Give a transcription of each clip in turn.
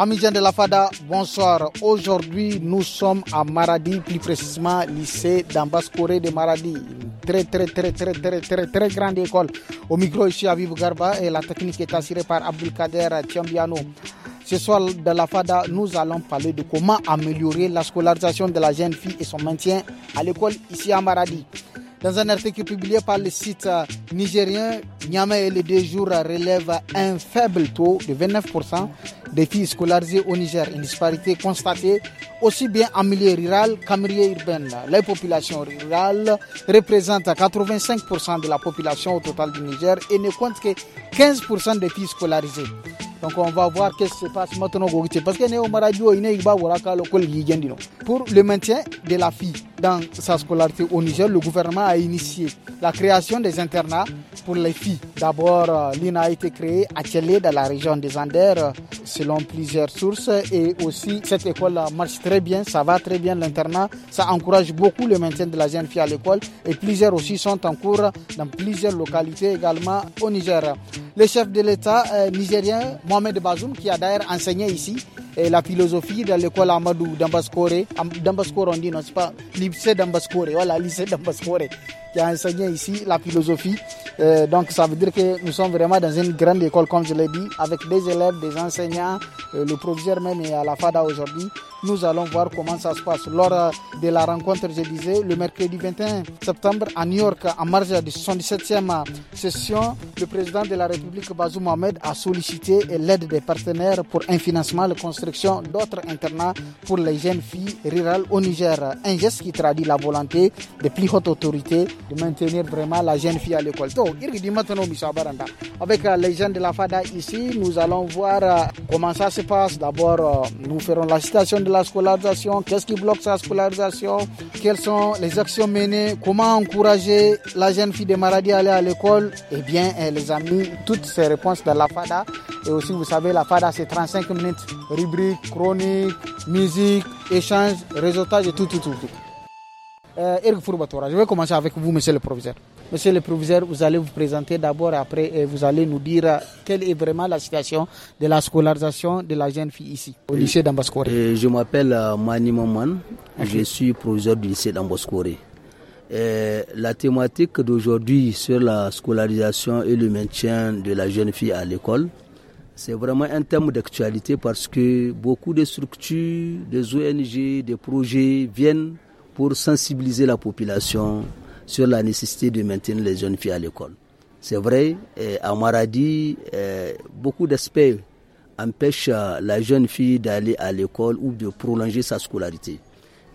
Amis de la FADA, bonsoir. Aujourd'hui, nous sommes à Maradi, plus précisément lycée Corée de Maradi. très, très, très, très, très, très, très grande école. Au micro, ici à Vive Garba et la technique est assurée par Abdelkader Tiambiano. Ce soir, de la FADA, nous allons parler de comment améliorer la scolarisation de la jeune fille et son maintien à l'école ici à Maradi. Dans un article publié par le site euh, nigérien, Niamey et les deux jours euh, relèvent un faible taux de 29% des filles scolarisées au Niger, une disparité constatée aussi bien en milieu rural qu'en milieu urbain. La population rurale représente 85% de la population au total du Niger et ne compte que 15% des filles scolarisées. Donc on va voir ce qui se passe maintenant parce que pour le maintien de la fille dans sa scolarité au Niger, le gouvernement a initié la création des internats pour les filles. D'abord, euh, l'INA a été créée à Tchélé, dans la région des Anders, euh, selon plusieurs sources. Et aussi, cette école marche très bien, ça va très bien, l'internat. Ça encourage beaucoup le maintien de la jeune fille à l'école. Et plusieurs aussi sont en cours dans plusieurs localités également au Niger. Le chef de l'État euh, nigérien, Mohamed Bazoum, qui a d'ailleurs enseigné ici, la philosophie de l'école Amadou Dambaskore, Dambaskore on dit, non, c'est pas lycée Dambaskore, Voilà, lycée Dambaskore qui a enseigné ici la philosophie. Euh, donc ça veut dire que nous sommes vraiment dans une grande école, comme je l'ai dit, avec des élèves, des enseignants, euh, le professeur même est à la FADA aujourd'hui. Nous allons voir comment ça se passe. Lors euh, de la rencontre, je disais, le mercredi 21 septembre à New York, en marge de 77e session, le président de la République, Bazou Mohamed, a sollicité l'aide des partenaires pour un financement, la construction d'autres internats pour les jeunes filles rurales au Niger. Un geste qui traduit la volonté des plus hautes autorités de maintenir vraiment la jeune fille à l'école. Donc, avec euh, les jeunes de la FADA ici, nous allons voir euh, comment ça se passe. D'abord, euh, nous ferons la citation de la scolarisation, qu'est-ce qui bloque sa scolarisation, quelles sont les actions menées, comment encourager la jeune fille de Maradi à aller à l'école. Eh bien, les amis, toutes ces réponses dans la FADA. Et aussi, vous savez, la FADA, c'est 35 minutes, rubrique, chronique, musique, échange, réseautage et tout, tout. tout. Euh, je vais commencer avec vous, monsieur le proviseur. Monsieur le proviseur, vous allez vous présenter d'abord, après, et euh, vous allez nous dire euh, quelle est vraiment la situation de la scolarisation de la jeune fille ici, au lycée d'Ambascore. Euh, je m'appelle Mani Maman, je suis proviseur du lycée d'Ambascore. La thématique d'aujourd'hui sur la scolarisation et le maintien de la jeune fille à l'école, c'est vraiment un thème d'actualité parce que beaucoup de structures, des ONG, des projets viennent pour sensibiliser la population sur la nécessité de maintenir les jeunes filles à l'école. C'est vrai, à Maradi, beaucoup d'aspects empêchent la jeune fille d'aller à l'école ou de prolonger sa scolarité.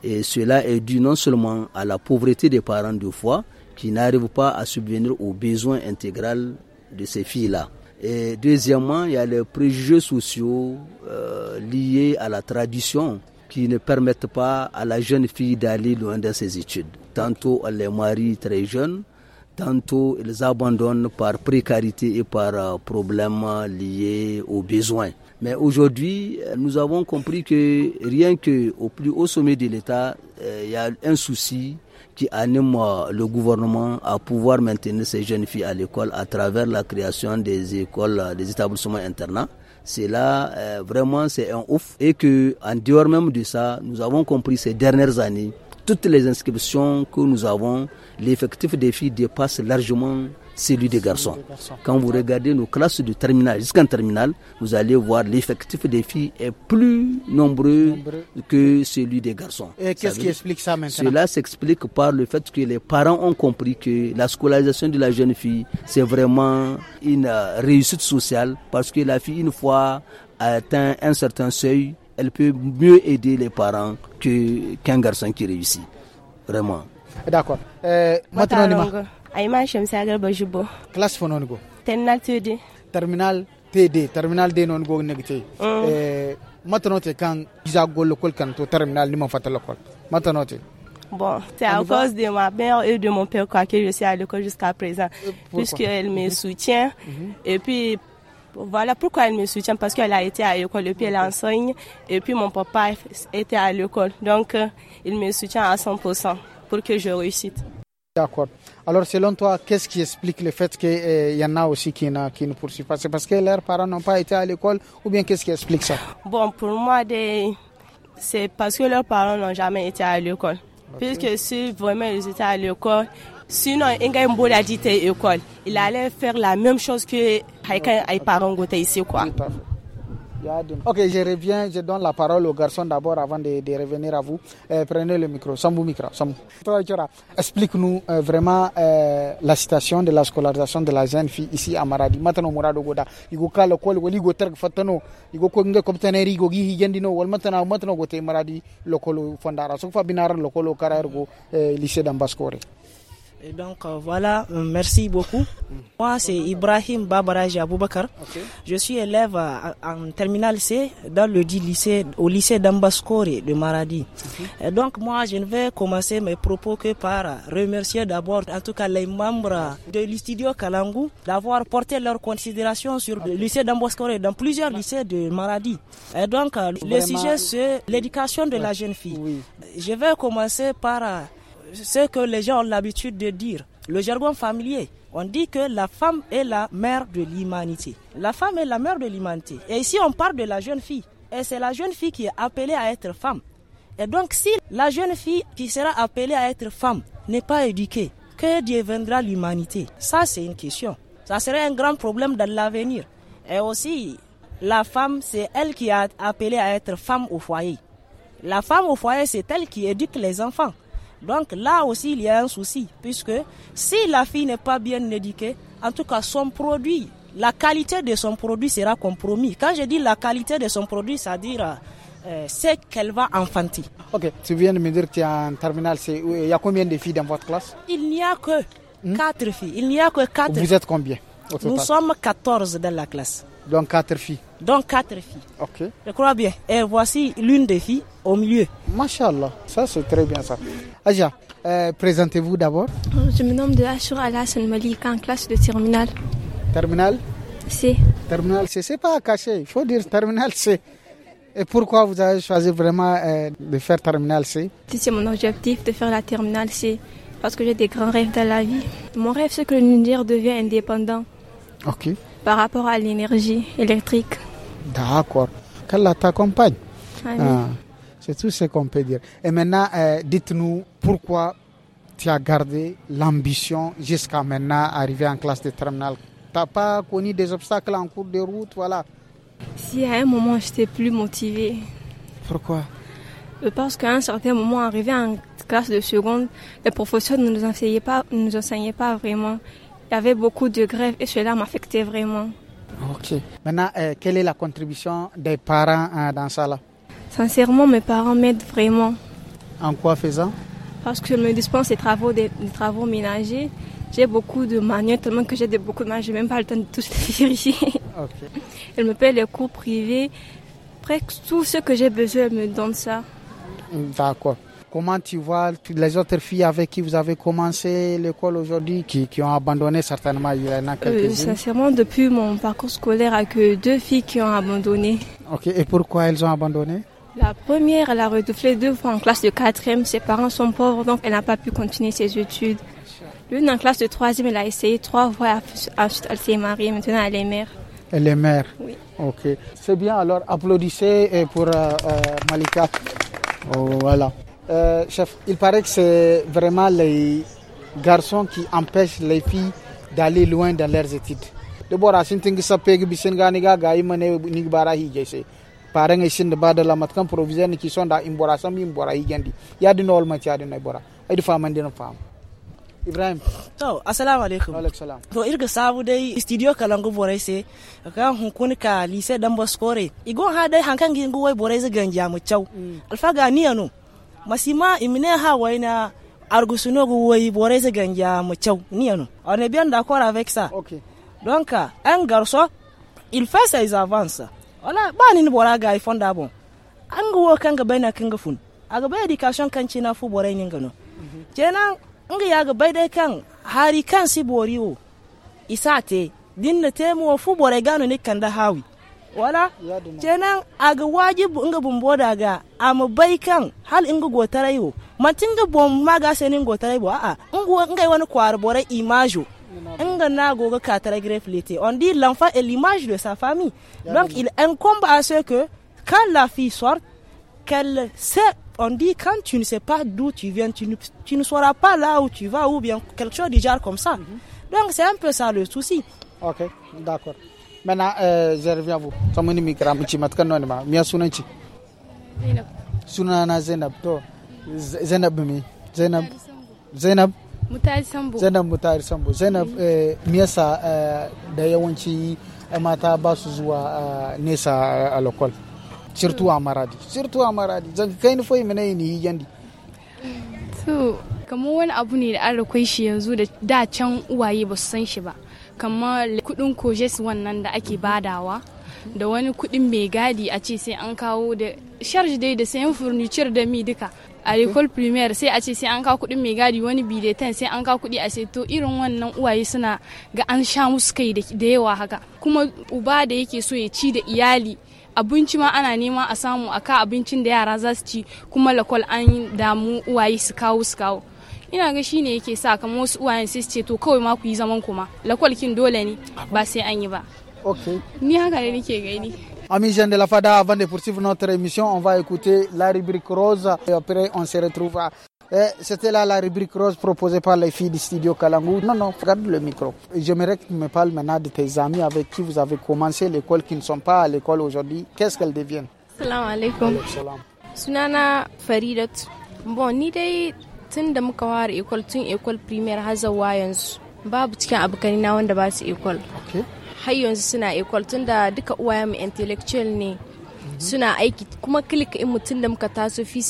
Et cela est dû non seulement à la pauvreté des parents de foi qui n'arrivent pas à subvenir aux besoins intégral de ces filles-là. Et deuxièmement, il y a les préjugés sociaux euh, liés à la tradition qui ne permettent pas à la jeune fille d'aller loin de ses études. Tantôt, elle les marie très jeune, tantôt, ils abandonnent par précarité et par euh, problèmes liés aux besoins. Mais aujourd'hui, euh, nous avons compris que rien qu'au plus haut sommet de l'État, euh, il y a un souci qui anime le gouvernement à pouvoir maintenir ces jeunes filles à l'école à travers la création des écoles, des établissements internats c'est là euh, vraiment c'est un ouf et que en dehors même de ça, nous avons compris ces dernières années toutes les inscriptions que nous avons, l'effectif des filles dépasse largement celui des garçons. Quand vous regardez nos classes de terminale jusqu'en terminale, vous allez voir l'effectif des filles est plus nombreux que celui des garçons. Et qu'est-ce qui explique ça maintenant Cela s'explique par le fait que les parents ont compris que la scolarisation de la jeune fille, c'est vraiment une euh, réussite sociale parce que la fille, une fois atteint un certain seuil, elle peut mieux aider les parents qu'un garçon qui réussit. Vraiment. D'accord. Euh, maintenant, aima shamsa classe fo non go terminal td terminal td terminal d non go negte mm. eh matano te kan isa gol kol kan to terminal ni man fatala kol matano te Bon, c'est à cause de ma mère et de mon père quoi, que je suis à l'école jusqu'à présent, euh, puisqu'elle me mm-hmm. soutient. Mm-hmm. Et puis, voilà pourquoi elle me soutient, parce qu'elle a été à l'école, et puis elle enseigne, et puis mon papa était à l'école. Donc, euh, il me soutient à 100% pour que je réussisse. D'accord. Alors selon toi, qu'est-ce qui explique le fait qu'il eh, y en a aussi qui, na, qui ne poursuivent pas C'est parce que leurs parents n'ont pas été à l'école ou bien qu'est-ce qui explique ça Bon, pour moi, c'est parce que leurs parents n'ont jamais été à l'école. Puisque si vraiment ils étaient à l'école, sinon pas a à l'école. il allait faire la même chose que les parents ici quoi. Ok, je reviens, je donne la parole au garçon d'abord avant de, de, revenir à vous. Euh, prenez le micro, sans Sambou Micro. Sambou. Explique-nous euh, vraiment euh, la situation de la scolarisation de la jeune fille ici à Maradi. Maintenant, Mourado Goda, il y a le col, il fatano, il y a le coptener, il y a le gigi, maintenant, maintenant, Gote Maradi, le fondara. Sofa fa binara col au carrère, lycée d'Ambascore donc euh, voilà, euh, merci beaucoup. Moi, c'est Ibrahim Babaraj Aboubakar. Je suis élève en terminale C dans le lycée, au lycée d'Ambascore de Maradi. Mhm. donc moi, je ne vais commencer mes propos que par remercier d'abord, en tout cas, les membres de l'Istudio Kalangou d'avoir porté leur considération sur le lycée d'Ambascore dans plusieurs lycées de Maradi. Et donc, euh, le sujet, c'est l'éducation de la jeune fille. Je vais commencer par ce que les gens ont l'habitude de dire, le jargon familier. On dit que la femme est la mère de l'humanité. La femme est la mère de l'humanité. Et ici, on parle de la jeune fille. Et c'est la jeune fille qui est appelée à être femme. Et donc, si la jeune fille qui sera appelée à être femme n'est pas éduquée, que deviendra l'humanité Ça, c'est une question. Ça serait un grand problème dans l'avenir. Et aussi, la femme, c'est elle qui est appelée à être femme au foyer. La femme au foyer, c'est elle qui éduque les enfants. Donc là aussi, il y a un souci, puisque si la fille n'est pas bien éduquée, en tout cas son produit, la qualité de son produit sera compromis. Quand je dis la qualité de son produit, c'est-à-dire euh, qu'elle va enfanter. Ok, tu viens de me dire que tu en terminale, il y a combien de filles dans votre classe hmm Il n'y a que quatre 4 filles. Il n'y a que 4 Vous êtes combien Nous sommes 14 dans la classe. Donc quatre filles. Donc quatre filles. Ok. Je crois bien. Et voici l'une des filles au milieu. Machallah, ça c'est très bien ça. Aja, euh, présentez-vous d'abord. Je me nomme de Ashur Alassane Malik en classe de terminale. Terminal. C. Terminal C, c'est pas caché, il faut dire terminal C. Et pourquoi vous avez choisi vraiment euh, de faire terminale C C'est mon objectif de faire la terminale C parce que j'ai des grands rêves dans la vie. Mon rêve c'est que le Niger devient indépendant Ok. Par rapport à l'énergie électrique. D'accord. Qu'elle t'accompagne. Ah ah, c'est tout ce qu'on peut dire. Et maintenant, euh, dites-nous pourquoi tu as gardé l'ambition jusqu'à maintenant, arriver en classe de terminale. Tu n'as pas connu des obstacles en cours de route, voilà. Si à un moment, je n'étais plus motivée. Pourquoi euh, Parce qu'à un certain moment, arrivé en classe de seconde, les professeurs ne nous enseignaient pas, ne nous enseignaient pas vraiment. Il y avait beaucoup de grèves et cela m'affectait vraiment. Ok. Maintenant, euh, quelle est la contribution des parents hein, dans ça là Sincèrement, mes parents m'aident vraiment. En quoi faisant Parce que je me dispense des travaux, des, travaux ménagers. J'ai beaucoup de manières, tellement que j'ai beaucoup de manuels, je n'ai même pas le temps de tout les vérifier. Ok. Elle me paye les cours privés. Presque tout ce que j'ai besoin, elle me donne ça. quoi Comment tu vois les autres filles avec qui vous avez commencé l'école aujourd'hui, qui, qui, ont abandonné certainement Il y en a euh, quelques-unes. sincèrement, depuis mon parcours scolaire, il n'y a que deux filles qui ont abandonné. Ok, et pourquoi elles ont abandonné la première, elle a redoublé deux fois en classe de quatrième. Ses parents sont pauvres, donc elle n'a pas pu continuer ses études. L'une en classe de troisième, elle a essayé trois fois, ensuite elle s'est mariée, maintenant elle est mère. Elle est mère Oui. Ok. C'est bien, alors applaudissez pour euh, euh, Malika. Oh, voilà. Euh, chef, il paraît que c'est vraiment les garçons qui empêchent les filles d'aller loin dans leurs études. De bora sin tingi sappe gi bisen ga ni ga ga imane ni bara hi jese. Parang isin de bada la matkan provision ni kison da imbora sam imbora hi gandi. Ya di nol ma ya di na bora. Ai di faman di na fam. Ibrahim. To, assalamu alaikum. Alaikum salam. To irga sabu dai studio kalangu borai se ka hun kun ka lise dan boskore. Igon ha dai hankan gi nguwai borai zigan jamu chau. Mm. Alfa ga ni anu. masima imine ha waina argusunogu woyi borese ganja mo chaw niano on est bien d'accord avec ça Ok. donc un garçon il fait ses avances wala ba ni bora ga fonda bon an go kan ga bena kan ga fun aga ba education kan china fu borai ni gano mhm. Cena in ga ya ga bai dai kan hari kan si boriwo isate dinna temo fu ga no ni kan da hawi wala kenan a ga wajibu inga bumbo daga a mu bai kan hal inga gotarai wo matin ga bom ma ga sai ningo tarai bo a'a inga inga wani kwar bore imajo inga na goga ka greflete on dit l'enfant est l'image de sa famille donc il incombe à ce que quand la fille sort qu'elle sait on dit quand tu ne sais pas d'où tu viens tu ne, tu ne sauras pas là où tu vas ou bien quelque chose du genre comme ça mhm. donc c'est un peu ça le souci ok d'accord mana euh, je reviens à vous. Samuni mikra mici matkan ma. Miya sunan ci? Zainab. na Zainab to. Zainab mi. Zainab. Zainab. Mutari Sambo. Zainab Mutari Sambo. Zainab e, miya sa e, da yawanci e, mata ba su zuwa nesa a lokal. Surtout a Maradi. Surtout a Maradi. Zan kai ni foyi mene ni yandi. So, kamar wani abu ne da an rakwai shi yanzu da da can uwaye ba su san shi ba. kamar kudin kojes wannan da ake badawa da wani kudin mai gadi a ce sai an kawo da charge dai da sayan furniture da mi duka a recall premier sai a ce sai an kawo kudin mai gadi wani bidetan sai an kawo kudi a to irin wannan uwaye suna ga an sha musu kai da yawa haka kuma uba da yake so ya ci da iyali abinci ma ana nema a samu a ka abincin da yara za su ci kuma lakol an damu uwaye su kawo su kawo ina ga shine yake sa kamar uwayen ce to ma ku yi zaman kuma dole ne ba sai an yi ok Amis de la FADA, avant de poursuivre notre émission, on va écouter la rubrique rose et après on se retrouvera. C'était là la rubrique rose proposée par les filles du studio Kalangou. Non, non, regarde le micro. J'aimerais que tu me parles maintenant de tes amis avec qui vous avez commencé l'école, qui ne sont pas à l'école aujourd'hui. Qu'est-ce qu'elles deviennent Salam alaikum. Salam. Sunana Bon, tun da muka ware equal tun equal premier har zuwa yanzu babu cikin abokani na wanda ba su equal har yanzu suna equal tun da duka uwaye mu intellectual ne suna aiki kuma click in mutum da muka taso fi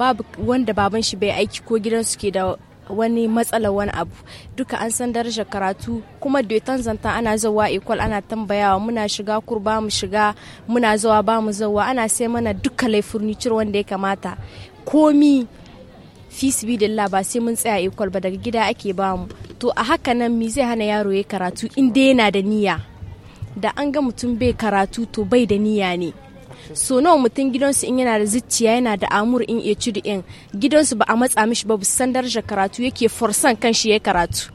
babu wanda baban shi bai aiki ko gidansu ke da wani matsala wani abu duka an san darajar karatu kuma doitan zanta ana zawa ikwal ana tambayawa muna shiga kur ba mu shiga muna zawa ba mu zawa ana sai mana duka lai furniture wanda ya kamata komi fi dilla ba sai mun tsaya ikwal ba daga gida ake bamu to a haka nan mi zai hana yaro ya karatu inda yana da niyya da an ga mutum bai karatu to bai da niyya ne so nawa mutum gidansu in yana da zuciya yana da amur in iya ciri in gidansu ba a matsa mishi ba san darajar karatu yake forsan kan shi ya karatu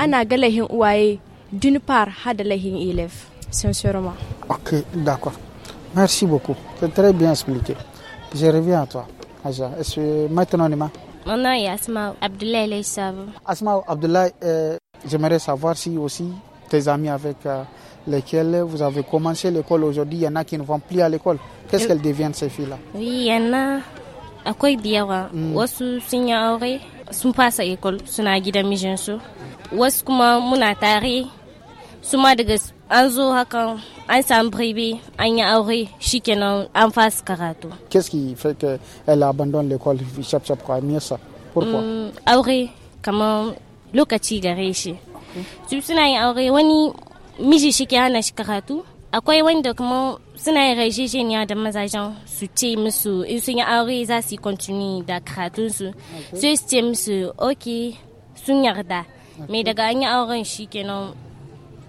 ana ga lahin uwaye dunfar hada lahin elef sansoroma ok d'accord merci beaucoup c'est très bien expliqué je reviens à toi Aja, je suis maintenant Nima. Mon nom est Asma Abdoulaye Asmaou Abdoulaye, euh, j'aimerais savoir si aussi tes amis avec euh, lesquels vous avez commencé l'école aujourd'hui, il y en a qui ne vont plus à l'école. Qu'est-ce euh, qu'elles deviennent ces filles-là Oui, il y en a. À quoi akwai biyawa hmm. wasu à l'école. aure sun fasa ekol suna gidan mijinsu wasu kuma muna tare su ma daga en hakan an an qu'est-ce qui fait que elle abandonne l'école chap chap quoi ça pourquoi mm, aure kamar lokaci gare shi su suna yin aure wani miji shi ke shi karatu akwai wanda kuma suna yin da su musu in sun aure continue da su ce musu ok sun yarda daga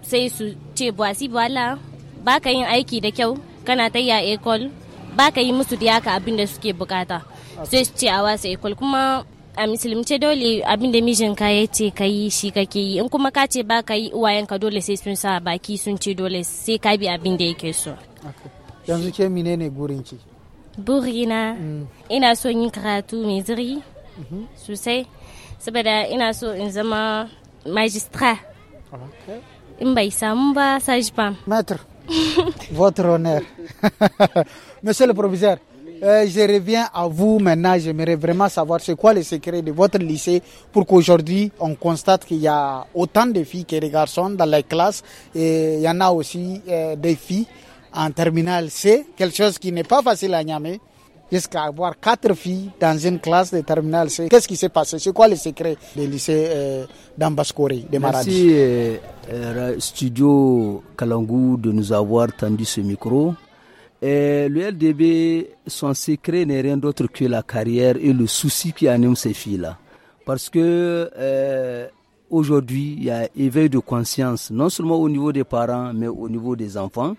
sai su ce buwasi buwala ba ka yin aiki da kyau kana ta ya ekol ba ka yi musu da yaka abin da suke bukata sai su ce a wasa ekol kuma a musulunce dole abin da ka ya ce ka yi shi kake yi in kuma ka ce ba ka yi uwayenka dole sai sun sa baki sun ce dole sai ka bi abin da yake so yanzu ke gurin gurinki burina mm. ina so yin karatu mai zuri mm-hmm. sosai saboda ina so in zama magistra Mbaïsa, Mba, maître votre honneur monsieur le proviseur euh, je reviens à vous maintenant. J'aimerais vraiment savoir c'est quoi le secret de votre lycée pour qu'aujourd'hui on constate qu'il y a autant de filles que de garçons dans la classe et il y en a aussi euh, des filles en terminale C, quelque chose qui n'est pas facile à Niamey jusqu'à avoir quatre filles dans une classe de terminale. Qu'est-ce qui s'est passé C'est quoi le secret des lycées euh, de des Merci, euh, euh, Studio Kalangou, de nous avoir tendu ce micro. Et le LDB, son secret n'est rien d'autre que la carrière et le souci qui anime ces filles-là. Parce que euh, aujourd'hui, il y a éveil de conscience, non seulement au niveau des parents, mais au niveau des enfants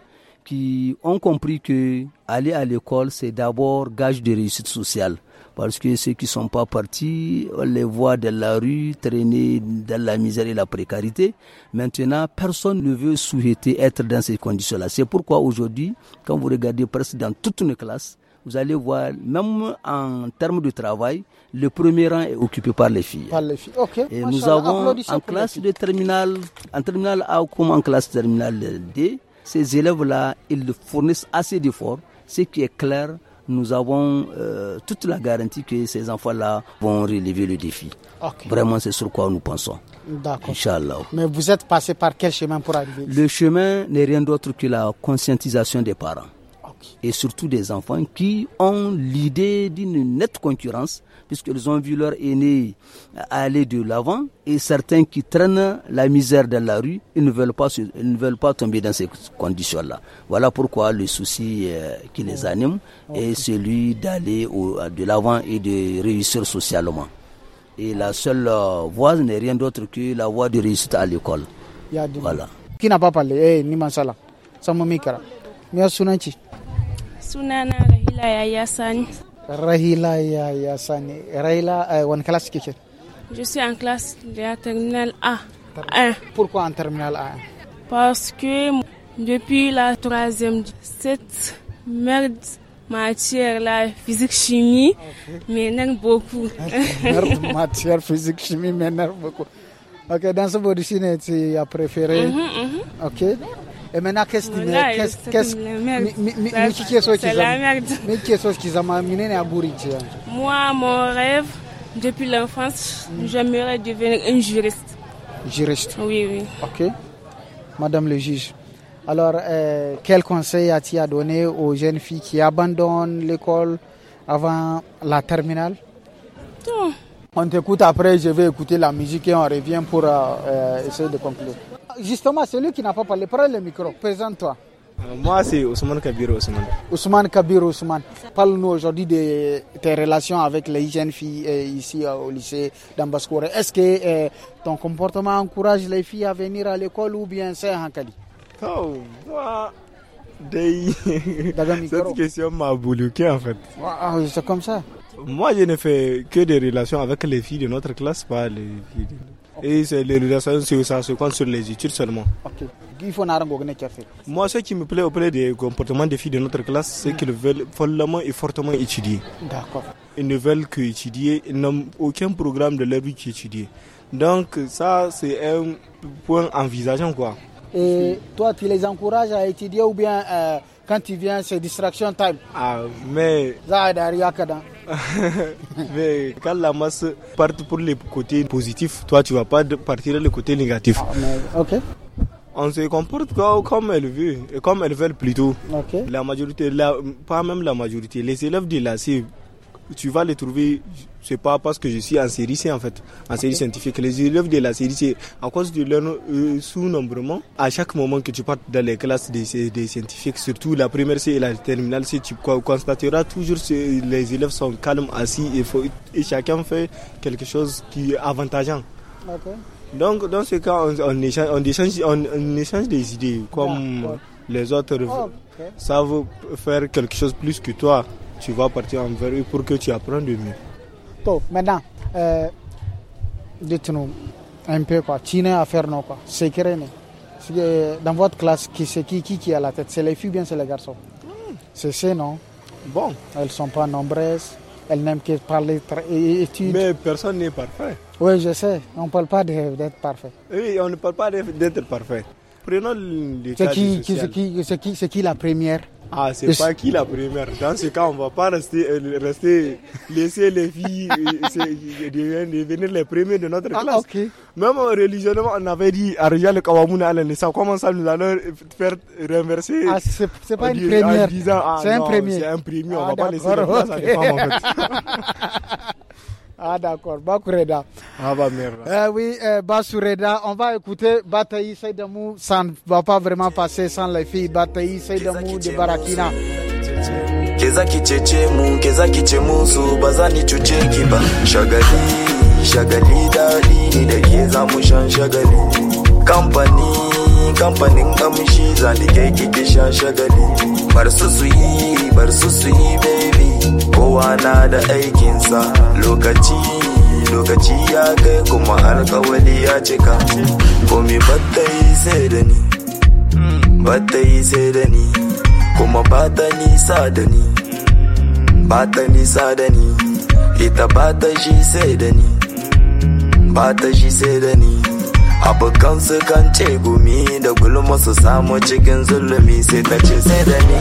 qui ont compris que aller à l'école, c'est d'abord gage de réussite sociale. Parce que ceux qui ne sont pas partis, on les voit dans la rue, traîner dans la misère et la précarité. Maintenant, personne ne veut souhaiter être dans ces conditions-là. C'est pourquoi aujourd'hui, quand vous regardez presque dans toute une classe, vous allez voir, même en termes de travail, le premier rang est occupé par les filles. Par les filles. Ok. Et nous avons en classe de terminale, en terminale A comme en classe terminale D, ces élèves-là, ils fournissent assez d'efforts. Ce qui est clair, nous avons euh, toute la garantie que ces enfants-là vont relever le défi. Vraiment, c'est sur quoi nous pensons. D'accord. Mais vous êtes passé par quel chemin pour arriver Le chemin n'est rien d'autre que la conscientisation des parents et surtout des enfants qui ont l'idée d'une nette concurrence puisqu'ils ont vu leur aîné aller de l'avant et certains qui traînent la misère dans la rue, ils ne veulent pas, ne veulent pas tomber dans ces conditions-là. Voilà pourquoi le souci euh, qui les oh. anime est celui d'aller de l'avant et de réussir socialement. Et la seule euh, voie n'est rien d'autre que la voie de réussite à l'école. Qui n'a pas parlé Eh, sunana rahila yaya sani rahila yaya sani rahila wani eh, classe kike je suis en classe de la terminale A Ter 1 pourquoi en terminale A parce que depuis la troisième cette merde matière la physique chimie okay. m'énerve beaucoup Merde matière physique chimie m'énerve beaucoup ok dans ce body tu as préféré mm -hmm, ok et eh, maintenant qu'est-ce qui qu'est-ce qu'est-ce Moi mon rêve depuis l'enfance, mm. j'aimerais devenir un juriste. Juriste. Oui oui. OK. Madame le juge. Alors, euh, quel conseil as-tu à donner aux jeunes filles qui abandonnent l'école avant la terminale On t'écoute après, je vais écouter la musique et on revient pour euh, euh, essayer de conclure justement, celui qui n'a pas parlé, prends le micro, présente-toi. Euh, moi, c'est Ousmane Kabir Ousmane. Ousmane Kabir Ousmane, parle-nous aujourd'hui de tes relations avec les jeunes filles euh, ici euh, au lycée d'Ambascore. Est-ce que ton comportement encourage les filles à venir à l'école ou bien c'est un Cali Oh, moi, cette question m'a bloqué en fait. Ah, c'est comme ça Moi, je ne fais que des relations avec les filles de notre classe, pas les filles et c'est relations ça se sur les études seulement. Moi, ce qui me plaît auprès des comportements des filles de notre classe, c'est mm. qu'elles qu'ils veulent follement et fortement étudier. D'accord. Ils ne veulent que étudier, n'ont aucun programme de leur vie qui étudie. Donc, ça, c'est un point envisageant, quoi. Et toi, tu les encourages à étudier ou bien euh, quand tu viens, c'est distraction time Ah, mais. mais quand la masse part pour le côté positif toi tu vas pas partir le côté négatif. ok. On se comporte comme elle veut, et comme elle veut plutôt. La majorité, pas même la majorité, les élèves de la C tu vas les trouver, c'est pas parce que je suis en série C en fait, en série scientifique. Les élèves de la série C, à cause de leur euh, sous-nombrement, à chaque moment que tu partes dans les classes des, scientifiques, surtout la première C et la terminale C, tu constateras toujours que les élèves sont calmes, assis et, chacun fait quelque chose qui est avantageant. Donc dans ce cas, on, échange, on, échange, des idées, comme les autres ça faire quelque chose plus que toi tu vas partir envers eux pour que tu apprennes du mieux. maintenant, euh, dites-nous un peu quoi, Tine à faire non quoi, c'est Dans votre classe, qui c'est qui, qui a la tête C'est les filles bien c'est les garçons hmm. C'est ça non Bon. Elles sont pas nombreuses, elles n'aiment que parler et Mais personne n'est parfait. Oui, je sais, on ne parle pas d'être parfait. Oui, on ne parle pas d'être parfait. Prenons le cas qui, c'est social. C'est qui, qui la première ah, c'est pas qui la première. Dans ce cas, on va pas rester, euh, laisser les filles euh, euh, devenir les premiers de notre ah, classe. Même religieusement, on avait dit à le Kawamouna à la naissance. Comment ça, nous allons faire renverser Ah, c'est pas une première. Ah, c'est un premier. C'est un premier. on ah, va pas laisser les femmes, en fait. Ah d'accord, Bakoureda. Ah bah merde. Euh, oui, euh, Basoureda, on va écouter Bataï Saïdamou, ça ne va pas vraiment passer sans les filles. Bataï Saïdamou de Barakina. Keza kicheche mu, keza kiche bazani chuche kiba. Shagali, shagali dali, da keza mushan shagali. Company, company kamshi, zani kekikishan shagali. Bar su bar su baby. kowa na da aikinsa lokaci lokaci ya kai kuma alkawali ya cika komi bata yi sai da ni bata yi sai da ni kuma bata nisa da ni bata nisa da ni ita bata shi sai da ni bata shi sai da ni abokan su kan ce gumi da gulma su samu cikin zulumi sai ta ce sai da ni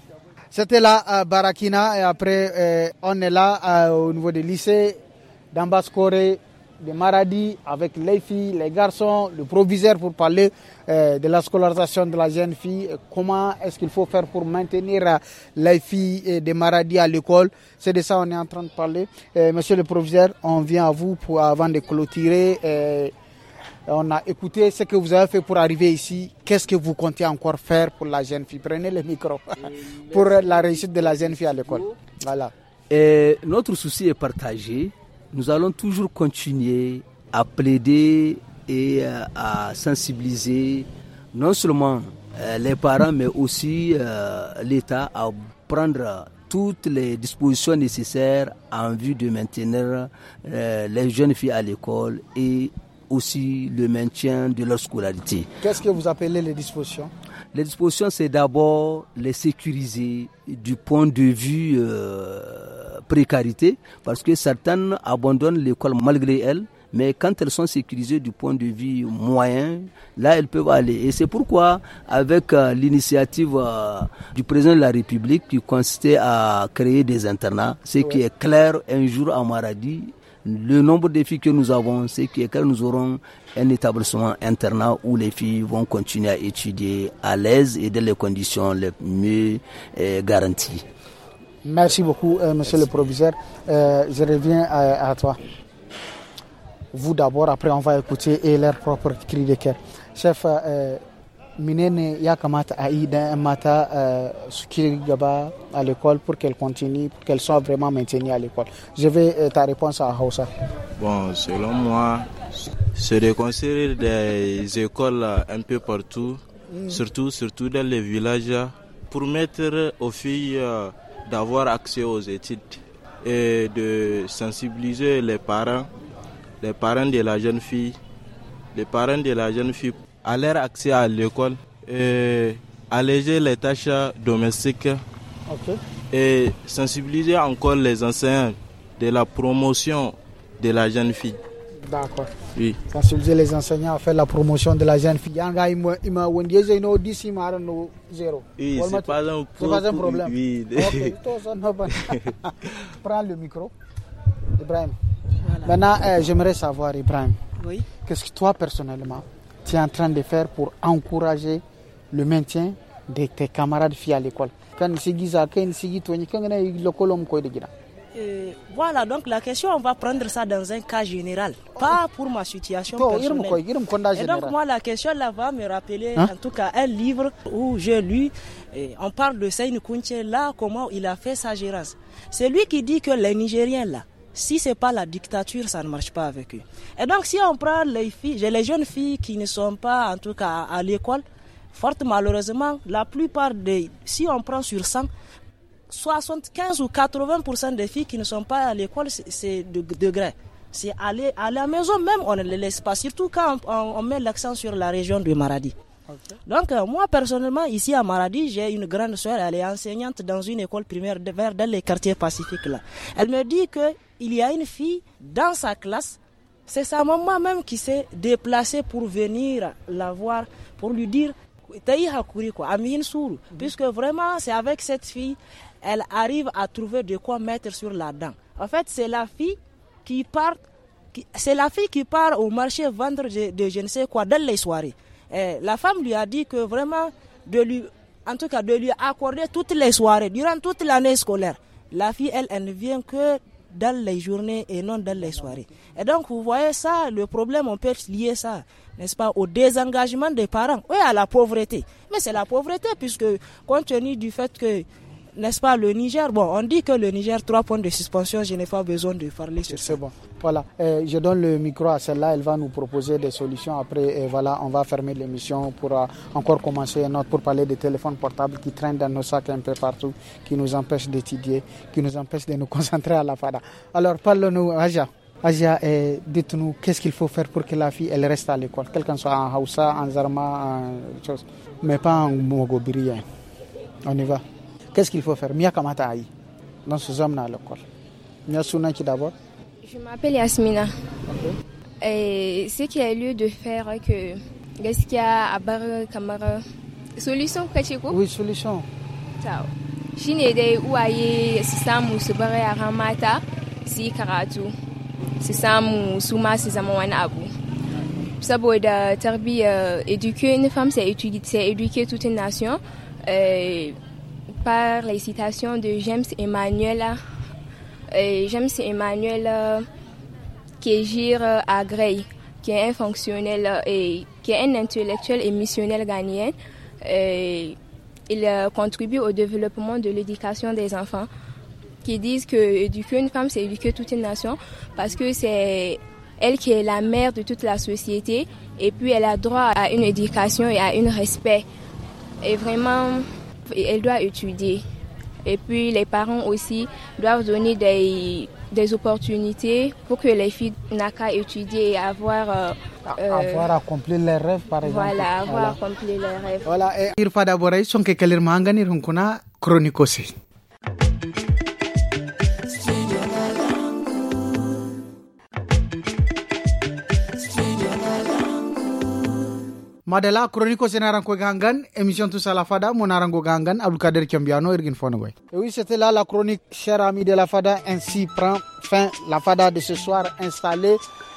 C'était là à Barakina et après euh, on est là euh, au niveau des lycées d'Ambascore, de Maradi avec les filles, les garçons, le proviseur pour parler euh, de la scolarisation de la jeune fille. Comment est-ce qu'il faut faire pour maintenir les filles de Maradi à l'école C'est de ça qu'on est en train de parler. monsieur le proviseur, on vient à vous pour avant de clôturer euh, on a écouté ce que vous avez fait pour arriver ici. Qu'est-ce que vous comptez encore faire pour la jeune fille Prenez le micro pour la réussite de la jeune fille à l'école. Voilà. notre souci est partagé. Nous allons toujours continuer à plaider et euh, à sensibiliser non seulement euh, les parents, mais aussi l'État à prendre toutes les dispositions nécessaires en vue de maintenir les jeunes filles à l'école et aussi le maintien de leur scolarité. Qu'est-ce que vous appelez les dispositions Les dispositions, c'est d'abord les sécuriser du point de vue euh, précarité, parce que certaines abandonnent l'école malgré elles mais quand elles sont sécurisées du point de vue moyen, là elles peuvent aller. Et c'est pourquoi, avec euh, l'initiative euh, du président de la République qui consistait à créer des internats, ce qui est clair, un jour à Maradi, le nombre de filles que nous avons, c'est que nous aurons un établissement internat où les filles vont continuer à étudier à l'aise et dans les conditions les mieux euh, garanties. Merci beaucoup, euh, monsieur le proviseur. Euh, je reviens à, toi. Vous d'abord, après on va écouter et leur propre cri de cœur. Chef, menene ya kamata a yi 'yan mata euh, su gaba à l'école pour qu'elles continue pour qu'elles soient vraiment maintenues à l'école Je vais euh, ta réponse à Hausa. Bon, selon moi, c'est de construire des écoles un peu partout, mm. surtout, surtout dans les villages, pour mettre aux filles euh, d'avoir accès aux études et de sensibiliser les parents, les parents de la jeune fille, les parents de la jeune fille à leur accès à l'école, alléger les tâches domestiques et sensibiliser encore les enseignants de la promotion de la jeune fille. D'accord. Oui. Sensibiliser les enseignants à faire la promotion de la jeune fille. Oui, c'est pas un problème. problème. Oui. Prends le micro. Ibrahim. Maintenant, eh, j'aimerais savoir, Ibrahim, oui. qu'est-ce que toi personnellement, tu es en train de faire pour encourager le maintien de tes camarades filles à l'école. Euh, voilà, donc la question, on va prendre ça dans un cas général, pas pour ma situation personnelle. Et donc moi, la question là va me rappeler, hein? en tout cas, un livre où j'ai lu, euh, on parle de Seine Kunche, là, comment il a fait sa gérance. C'est lui qui dit que les Nigériens là, si c'est pas la dictature, ça ne marche pas avec eux. Et donc, si on prend les filles, les jeunes filles qui ne sont pas, en tout cas, à l'école, fort malheureusement, la plupart des, si on prend sur 100, 75 ou 80% des filles qui ne sont pas à l'école, c'est de degré. C'est aller à la maison même, on ne les laisse pas, surtout quand on, met l'accent sur la région de Maradi. Donc, euh, moi, personnellement, ici à Maradi, j'ai une grande soeur, elle est enseignante dans une école primaire de, vers, dans les quartiers pacifiques. Là. Elle me dit que il y a une fille dans sa classe. C'est sa maman même qui s'est déplacée pour venir la voir, pour lui dire mm-hmm. Puisque vraiment, c'est avec cette fille, elle arrive à trouver de quoi mettre sur la dent. En fait, c'est la fille qui part, c'est la fille qui part au marché vendre de, je ne sais quoi dans les soirées. la femme lui a dit que vraiment, de lui, en tout cas, de lui accorder toutes les soirées durant toute l'année scolaire. La fille, elle, elle ne vient que dans les journées et non dans les soirées. Et donc, vous voyez ça, le problème, on peut lier ça, n'est-ce pas, au désengagement des parents oui à la pauvreté. Mais c'est la pauvreté, puisque compte tenu du fait que n'est-ce pas, le Niger Bon, on dit que le Niger, trois points de suspension, je n'ai pas besoin de parler sur ça. C'est bon. Voilà, euh, je donne le micro à celle-là, elle va nous proposer des solutions. Après, et euh, voilà, on va fermer l'émission pour euh, encore commencer une autre pour parler des téléphones portables qui traînent dans nos sacs un peu partout, qui nous empêchent d'étudier, qui nous empêchent de nous concentrer à la FADA. Alors, parle-nous, Aja. Aja, dites-nous, qu'est-ce qu'il faut faire pour que la fille elle reste à l'école, quel soit en Hausa, en Zarma, en mais pas en Mogobiri. Hein. On y va. Qu'est-ce qu'il faut faire Mia Kamataï, dans ce hommes à l'école. Mia Sunaki d'abord. Je m'appelle Yasmina. Okay. Et ce qui a lieu de faire, que qu'est-ce y a à Barre kamar solution kuka ce oui solution Ciao. shine dai uwaye su samu su bar yara mata su yi karatu Souma samu su ma su zama wani abu saboda tarbiyyar euh, éduquer une femme c'est éduquer toute une nation euh, par les citations de James Emmanuel, euh, James Emmanuel géré à Agrey, qui est un fonctionnel euh, et qui est un intellectuel et missionnel ghanéen. Euh, il contribue au développement de l'éducation des enfants qui disent que éduquer une femme, c'est éduquer toute une nation parce que c'est elle qui est la mère de toute la société et puis elle a droit à une éducation et à un respect. Et vraiment, elle doit étudier. Et puis les parents aussi doivent donner des, opportunités pour que les filles n'aient qu'à étudier et avoir... Euh, euh, avoir accompli leurs rêves par exemple. Voilà, avoir accompli leurs rêves. Voilà, et il faut d'abord Madela chronique sen ko gangan émission tout ça la fada mon gangan abdoukader kiambiano ergin fonogoy et oui c'était là la chronique cher ami de la fada ainsi prend fin la fada de ce soir installée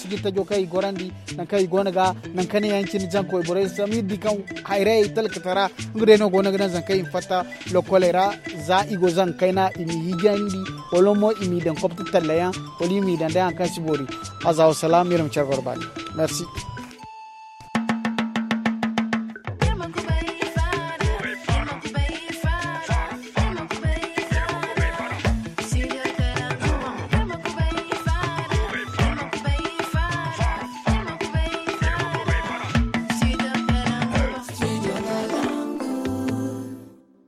sigita ta kai gorandi nan kai gonaga nan kane yancin janko ibore sami dikan haire talkatara ngure no gonaga nan zan kai fata lo kolera za igo zan kai na imi higandi olomo imi dan kopta talayan olimi dan dan kan sibori azaw salam miram chargorbali merci